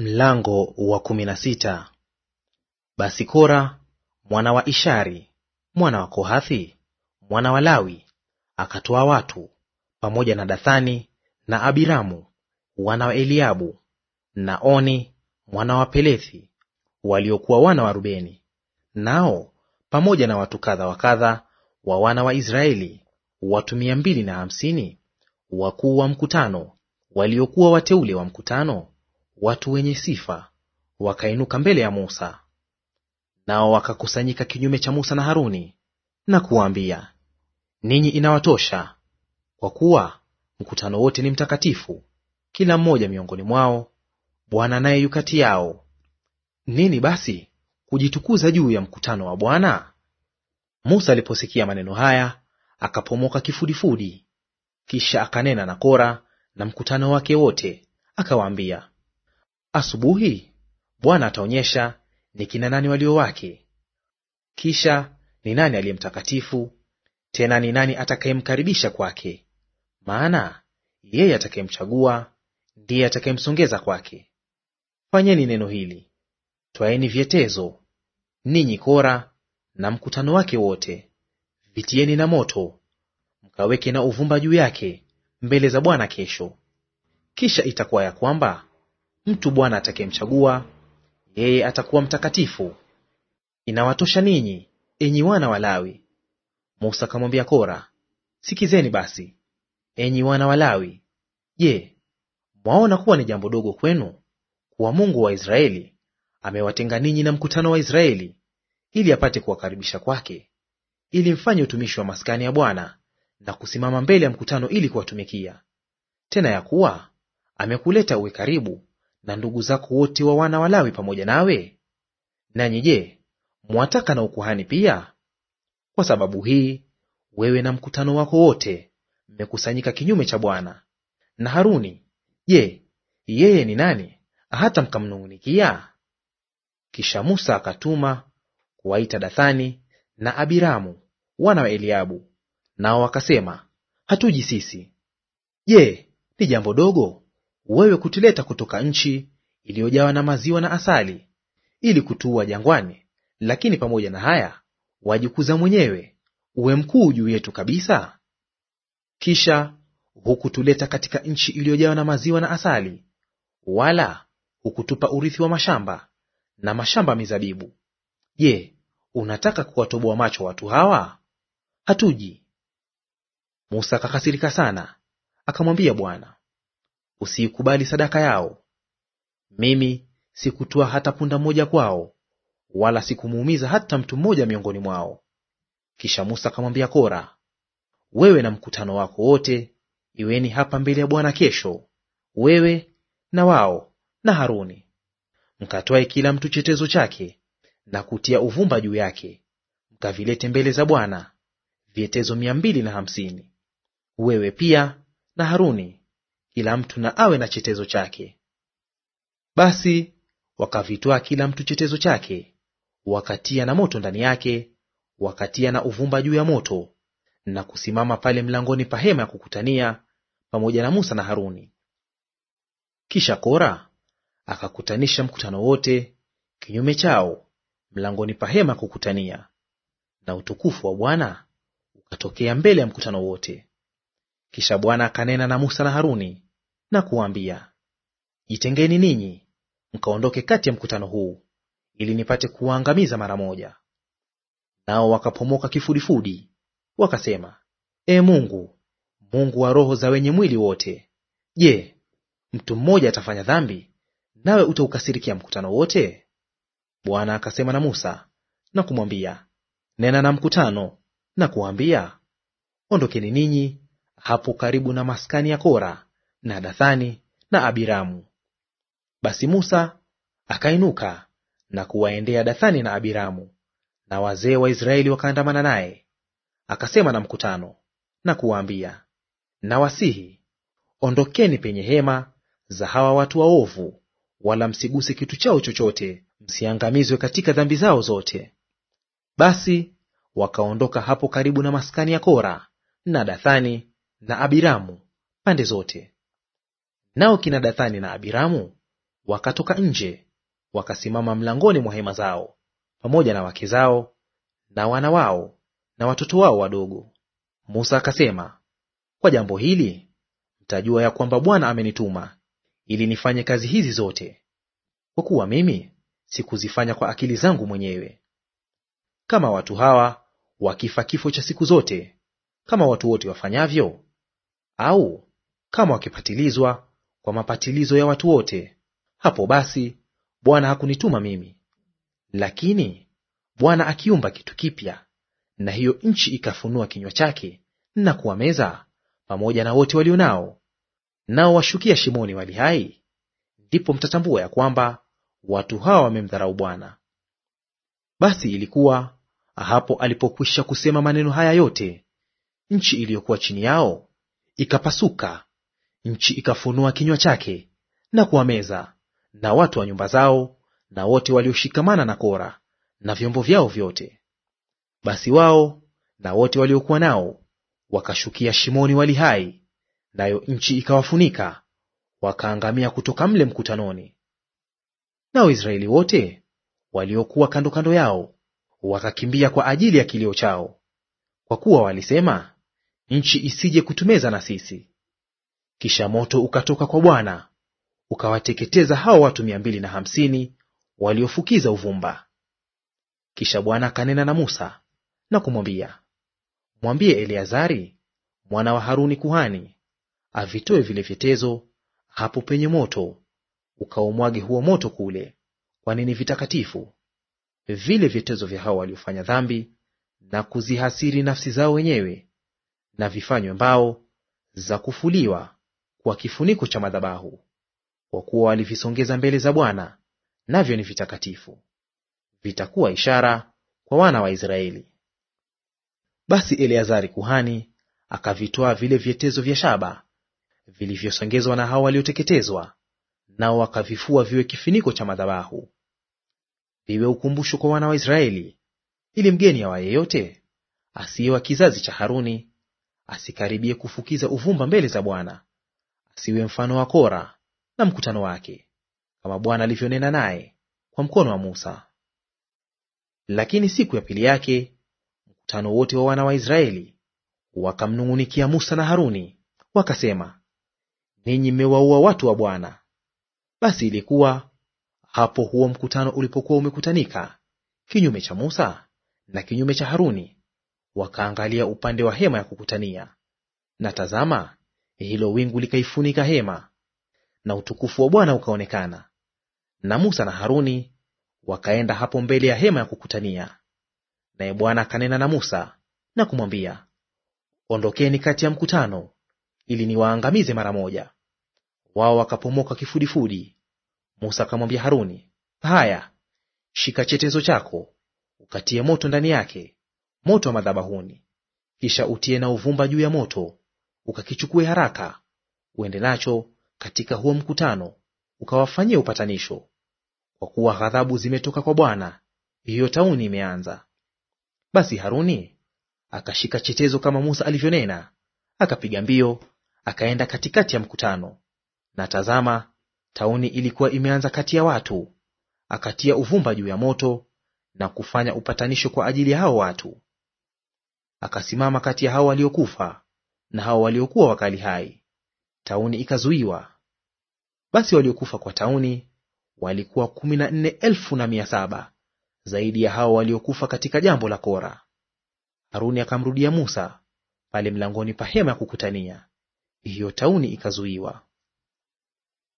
Mlango wa kumi na sita. Basi Kora mwana wa Ishari mwana wa Kohathi mwana wa Lawi akatoa watu pamoja na Dathani na Abiramu wana wa Eliabu na Oni mwana wa Pelethi waliokuwa wana wa Rubeni, nao pamoja na watu kadha wa kadha wa wana wa Israeli watu mia mbili na hamsini wakuu wa mkutano waliokuwa wateule wa mkutano watu wenye sifa wakainuka mbele ya Musa. Nao wakakusanyika kinyume cha Musa na Haruni na kuwaambia, ninyi inawatosha, kwa kuwa mkutano wote ni mtakatifu, kila mmoja miongoni mwao Bwana naye yu kati yao. Nini basi kujitukuza juu ya mkutano wa Bwana? Musa aliposikia maneno haya akapomoka kifudifudi, kisha akanena na Kora na mkutano wake wote, akawaambia, Asubuhi Bwana ataonyesha ni kina nani walio wake, kisha ni nani aliye mtakatifu, tena ni nani atakayemkaribisha kwake. Maana yeye atakayemchagua ndiye atakayemsongeza kwake. Fanyeni neno hili: twaeni vyetezo, ninyi Kora na mkutano wake wote, vitieni na moto, mkaweke na uvumba juu yake mbele za Bwana kesho. Kisha itakuwa ya kwamba Mtu Bwana atakayemchagua yeye atakuwa mtakatifu. Inawatosha ninyi, enyi wana wa Lawi. Musa akamwambia Kora, sikizeni basi, enyi wana wa Lawi, je, mwaona kuwa ni jambo dogo kwenu kuwa Mungu wa Israeli amewatenga ninyi na mkutano wa Israeli ili apate kuwakaribisha kwake, ili mfanye utumishi wa maskani ya Bwana na kusimama mbele ya mkutano ili kuwatumikia; tena ya kuwa amekuleta uwe karibu na ndugu zako wote wa wana wa Lawi pamoja nawe? Nanyi je, mwataka na ukuhani pia? Kwa sababu hii wewe na mkutano wako wote mmekusanyika kinyume cha Bwana. Na Haruni, je, yeye ni nani hata mkamnung'unikia? Kisha Musa akatuma kuwaita Dathani na Abiramu wana wa Eliabu, nao wakasema, hatuji sisi. Je, ni jambo dogo wewe kutuleta kutoka nchi iliyojawa na maziwa na asali, ili kutuua jangwani, lakini pamoja na haya wajikuza mwenyewe, uwe mkuu juu yetu kabisa? Kisha hukutuleta katika nchi iliyojawa na maziwa na asali, wala hukutupa urithi wa mashamba na mashamba mizabibu. Je, unataka kuwatoboa macho watu hawa? Hatuji. Musa akakasirika sana, akamwambia Bwana, usiikubali sadaka yao. Mimi sikutoa hata punda mmoja kwao, wala sikumuumiza hata mtu mmoja miongoni mwao. Kisha Musa akamwambia Kora, wewe na mkutano wako wote iweni hapa mbele ya Bwana kesho, wewe na wao na Haruni, mkatwae kila mtu chetezo chake na kutia uvumba juu yake, mkavilete mbele za Bwana vyetezo mia mbili na hamsini, wewe pia na Haruni kila mtu na awe na chetezo chake. Basi wakavitwaa kila mtu chetezo chake, wakatia na moto ndani yake, wakatia na uvumba juu ya moto, na kusimama pale mlangoni pa hema ya kukutania pamoja na Musa na Haruni. Kisha Kora akakutanisha mkutano wote kinyume chao mlangoni pa hema ya kukutania, na utukufu wa Bwana ukatokea mbele ya mkutano wote. Kisha Bwana akanena na Musa na Haruni na kuwaambia, jitengeni ninyi mkaondoke kati ya mkutano huu, ili nipate kuwaangamiza mara moja. Nao wakapomoka kifudifudi, wakasema, E Mungu, Mungu wa roho za wenye mwili wote, je, mtu mmoja atafanya dhambi, nawe utaukasirikia mkutano wote? Bwana akasema na Musa na kumwambia, nena na mkutano na kuwaambia, ondokeni ninyi hapo karibu na maskani ya Kora na Dathani na Abiramu. Basi Musa akainuka na kuwaendea Dathani na Abiramu, na wazee wa Israeli wakaandamana naye. Akasema na mkutano na kuwaambia, nawasihi, ondokeni penye hema za hawa watu waovu, wala msiguse kitu chao chochote, msiangamizwe katika dhambi zao zote. Basi wakaondoka hapo karibu na maskani ya Kora na Dathani na Abiramu pande zote. Nao kina Dathani na Abiramu wakatoka nje wakasimama mlangoni mwa hema zao pamoja na wake zao na wana wao na watoto wao wadogo. Musa akasema, kwa jambo hili mtajua ya kwamba Bwana amenituma ili nifanye kazi hizi zote, kwa kuwa mimi sikuzifanya kwa akili zangu mwenyewe. Kama watu hawa wakifa kifo cha siku zote, kama watu wote wafanyavyo, au kama wakipatilizwa kwa mapatilizo ya watu wote, hapo basi Bwana hakunituma mimi. Lakini Bwana akiumba kitu kipya, na hiyo nchi ikafunua kinywa chake na kuwameza pamoja na wote walio nao, nao washukia shimoni wali hai, ndipo mtatambua ya kwamba watu hawa wamemdharau Bwana. Basi ilikuwa hapo alipokwisha kusema maneno haya yote, nchi iliyokuwa chini yao ikapasuka nchi ikafunua kinywa chake na kuwameza, na watu wa nyumba zao, na wote walioshikamana na Kora na vyombo vyao vyote. Basi wao na wote waliokuwa nao wakashukia shimoni wali hai, nayo nchi ikawafunika, wakaangamia kutoka mle mkutanoni. Na Waisraeli wote waliokuwa kando kando yao wakakimbia kwa ajili ya kilio chao, kwa kuwa walisema, nchi isije kutumeza na sisi. Kisha moto ukatoka kwa Bwana ukawateketeza hao watu mia mbili na hamsini waliofukiza uvumba. Kisha Bwana akanena na Musa na kumwambia, mwambie Eleazari mwana wa Haruni kuhani avitoe vile vyetezo hapo penye moto, ukaumwage huo moto kule, kwani ni vitakatifu vile vyetezo vya hao waliofanya dhambi na kuzihasiri nafsi zao wenyewe, na vifanywe mbao za kufuliwa kwa kifuniko cha madhabahu, kwa kuwa walivisongeza mbele za Bwana, navyo ni vitakatifu; vitakuwa ishara kwa wana wa Israeli. Basi Eleazari kuhani akavitwaa vile vyetezo vya shaba vilivyosongezwa na hao walioteketezwa, nao wakavifua viwe kifuniko cha madhabahu, viwe ukumbusho kwa wana wa Israeli, ili mgeni awa yeyote asiye wa kizazi cha Haruni asikaribie kufukiza uvumba mbele za Bwana siwe mfano wa Kora na mkutano wake, kama Bwana alivyonena naye kwa mkono wa Musa. Lakini siku ya pili yake mkutano wote wa wana wa Israeli wakamnung'unikia Musa na Haruni wakasema, ninyi mmewaua watu wa Bwana. Basi ilikuwa hapo huo mkutano ulipokuwa umekutanika kinyume cha Musa na kinyume cha Haruni, wakaangalia upande wa hema ya kukutania, na tazama, hilo wingu likaifunika hema, na utukufu wa Bwana ukaonekana. Na Musa na Haruni wakaenda hapo mbele ya hema ya kukutania, naye Bwana akanena na Musa na kumwambia, ondokeni kati ya mkutano, ili niwaangamize mara moja. Wao wakapomoka kifudifudi. Musa akamwambia Haruni, haya, shika chetezo chako ukatie moto ndani yake, moto wa madhabahuni, kisha utie na uvumba juu ya moto ukakichukue haraka uende nacho katika huo mkutano, ukawafanyie upatanisho, kwa kuwa ghadhabu zimetoka kwa Bwana, hiyo tauni imeanza. Basi Haruni akashika chetezo kama Musa alivyonena, akapiga mbio, akaenda katikati ya mkutano. Na tazama, tauni ilikuwa imeanza kati ya watu. Akatia uvumba juu ya moto na kufanya upatanisho kwa ajili ya hao watu. Akasimama kati ya hao waliokufa na hao waliokuwa wakali hai. Tauni ikazuiwa. Basi waliokufa kwa tauni walikuwa kumi na nne elfu na mia saba zaidi ya hao waliokufa katika jambo la Kora. Haruni akamrudia Musa pale mlangoni pa hema ya kukutania, hiyo tauni ikazuiwa.